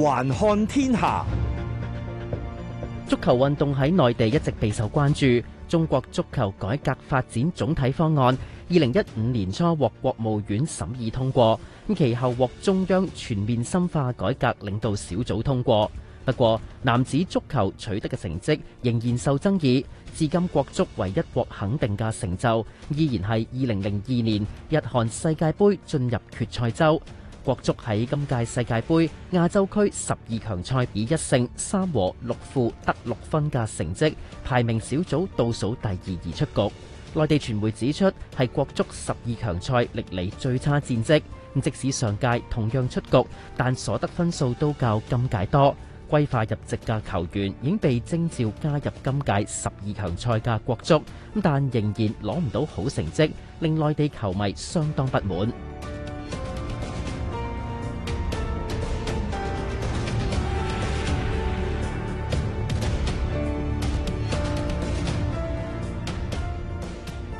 環看天下，足球運動喺內地一直備受關注。中國足球改革發展總體方案，二零一五年初獲國務院審議通過，其後獲中央全面深化改革領導小組通過。不過，男子足球取得嘅成績仍然受爭議。至今，國足唯一獲肯定嘅成就，依然係二零零二年日韓世界杯進入決賽周。國足喺今屆世界杯亞洲區十二強賽以一勝三和六負得六分嘅成績，排名小組倒數第二而出局。內地傳媒指出，係國足十二強賽歷嚟最差戰績。咁即使上屆同樣出局，但所得分數都較今屆多。歸化入籍嘅球員已經被徵召加入今屆十二強賽嘅國足，咁但仍然攞唔到好成績，令內地球迷相當不滿。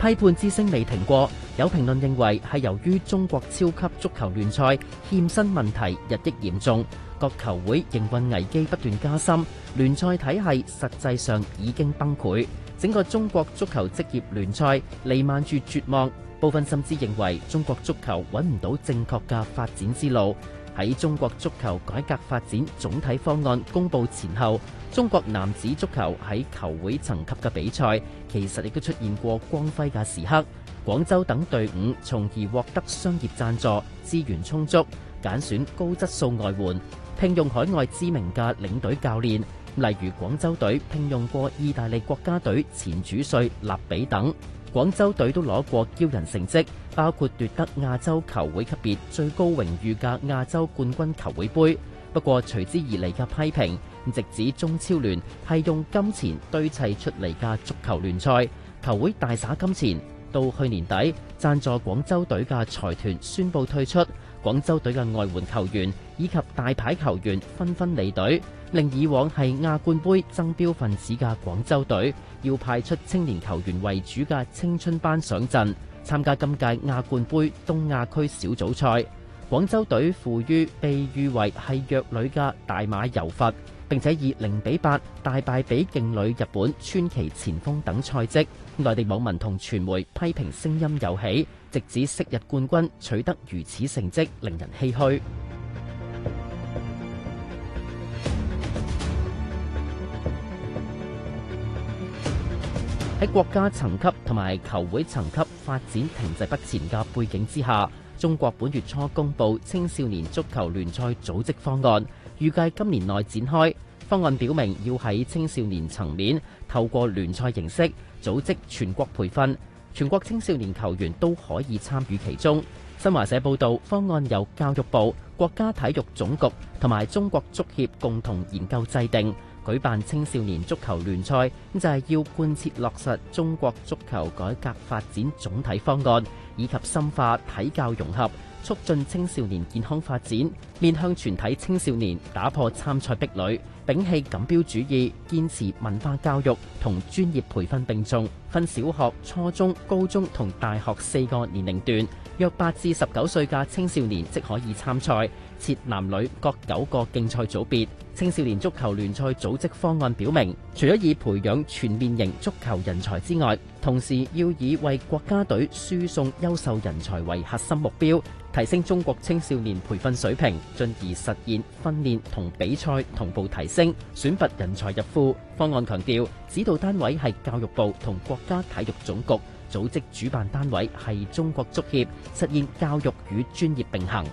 批判之聲未停過，有評論認為係由於中國超級足球聯賽欠薪問題日益嚴重，各球會營運危機不斷加深，聯賽體系實際上已經崩潰，整個中國足球職業聯賽彌漫住絕望，部分甚至認為中國足球揾唔到正確嘅發展之路。喺中國足球改革發展總體方案公布前後，中國男子足球喺球會層級嘅比賽其實亦都出現過光輝嘅時刻。廣州等隊伍，從而獲得商業贊助，資源充足，揀選高質素外援，聘用海外知名嘅領隊教練，例如廣州隊聘用過意大利國家隊前主帥里皮等。廣州隊都攞過驕人成績，包括奪得亞洲球會級別最高榮譽嘅亞洲冠軍球會杯。不過隨之而嚟嘅批評，直指中超聯係用金錢堆砌出嚟嘅足球聯賽，球會大灑金錢。到去年底，贊助廣州隊嘅財團宣布退出。廣州隊嘅外援球員以及大牌球員紛紛離隊，令以往係亞冠杯爭標份子嘅廣州隊，要派出青年球員為主嘅青春班上陣參加今屆亞冠杯東亞區小組賽。廣州隊負於被譽為係弱旅嘅大馬柔佛。並且以零比八大敗俾勁旅日本，川崎前鋒等賽績。內地網民同傳媒批評聲音又起，直指昔日冠軍取得如此成績令人唏噓。喺國家層級同埋球會層級發展停滯不前嘅背景之下。中國本月初公布青少年足球聯賽組織方案，預計今年內展開。方案表明要喺青少年層面透過聯賽形式組織全國培訓，全國青少年球員都可以參與其中。新華社報道，方案由教育部、國家體育總局同埋中國足協共同研究制定。舉辦青少年足球聯賽就係要貫徹落實中國足球改革發展總體方案，以及深化體教融合，促進青少年健康發展。面向全體青少年，打破參賽壁壘，摒棄錦標主義，堅持文化教育同專業培訓並重。分小學、初中、高中同大學四個年齡段，約八至十九歲嘅青少年即可以參賽，設男女各九個競賽組別。青少年足球聯賽組織方案表明，除咗以培養全面型足球人才之外，同時要以為國家隊輸送優秀人才為核心目標，提升中國青少年培訓水平，進而實現訓練同比賽同步提升，選拔人才入庫。方案強調，指導單位係教育部同國家體育總局，組織主辦單位係中國足協，實現教育與專業並行。